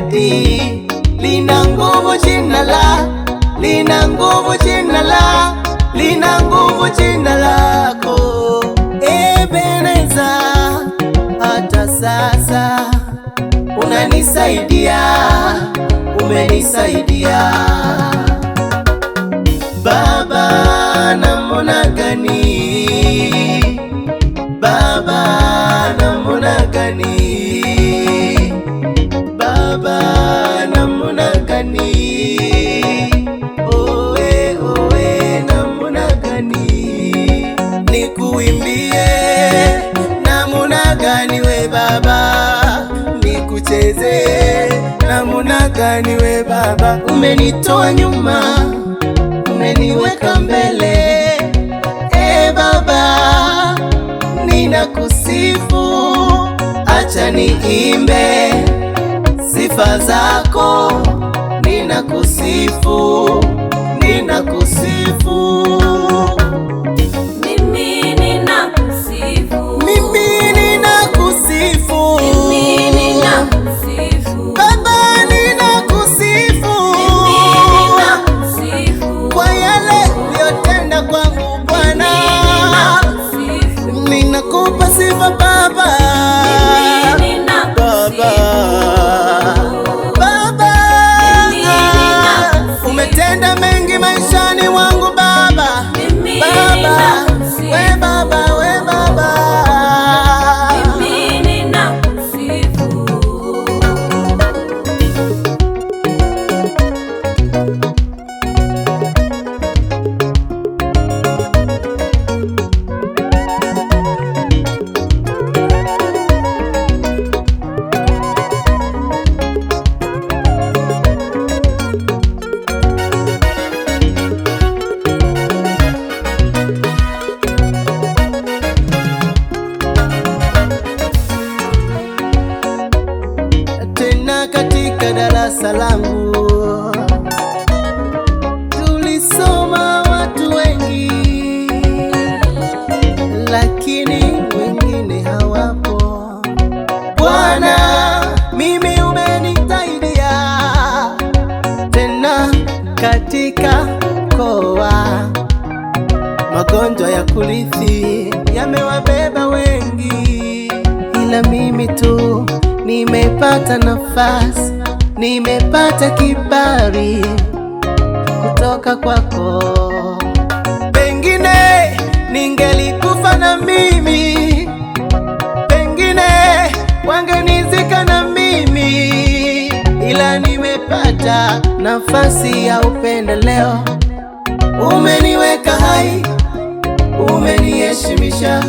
Badi lina nguvu jina la lina nguvu jina la lina nguvu jina lako Ebeneza, hata sasa unanisaidia, umenisaidia Baba, namuna gani Baba, namuna gani baba namuna gani? Owe owe namuna gani? Nikuimbie namuna gani we baba, nikucheze namuna gani we baba, umenitoa nyuma umeniweka mbele, e baba ninakusifu, acha niimbe sifa zako, ninakusifu, ninakusifu katika darasa langu tulisoma watu wengi, lakini wengine hawapo. Bwana, mimi umenisaidia tena katika koa magonjwa ya kurithi nimepata nafasi, nimepata kibali kutoka kwako. Pengine ningelikufa na mimi, pengine wangenizika na mimi, ila nimepata nafasi ya upendeleo. Umeniweka hai, umeniheshimisha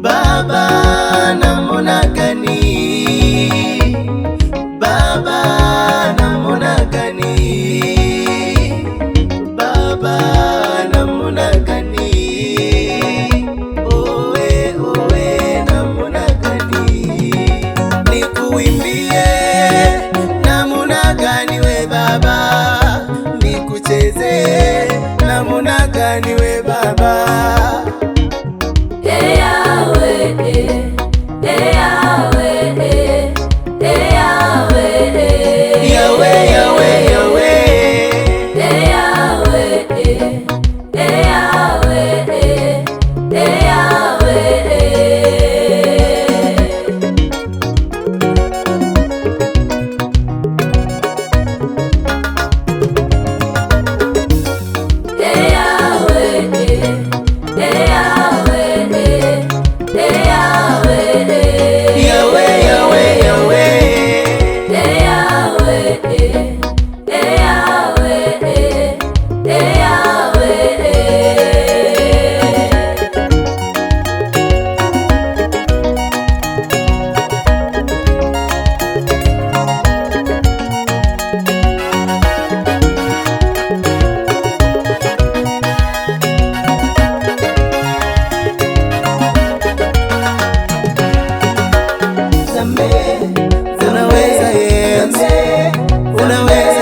Baba. unaweza, unaweza, unaweza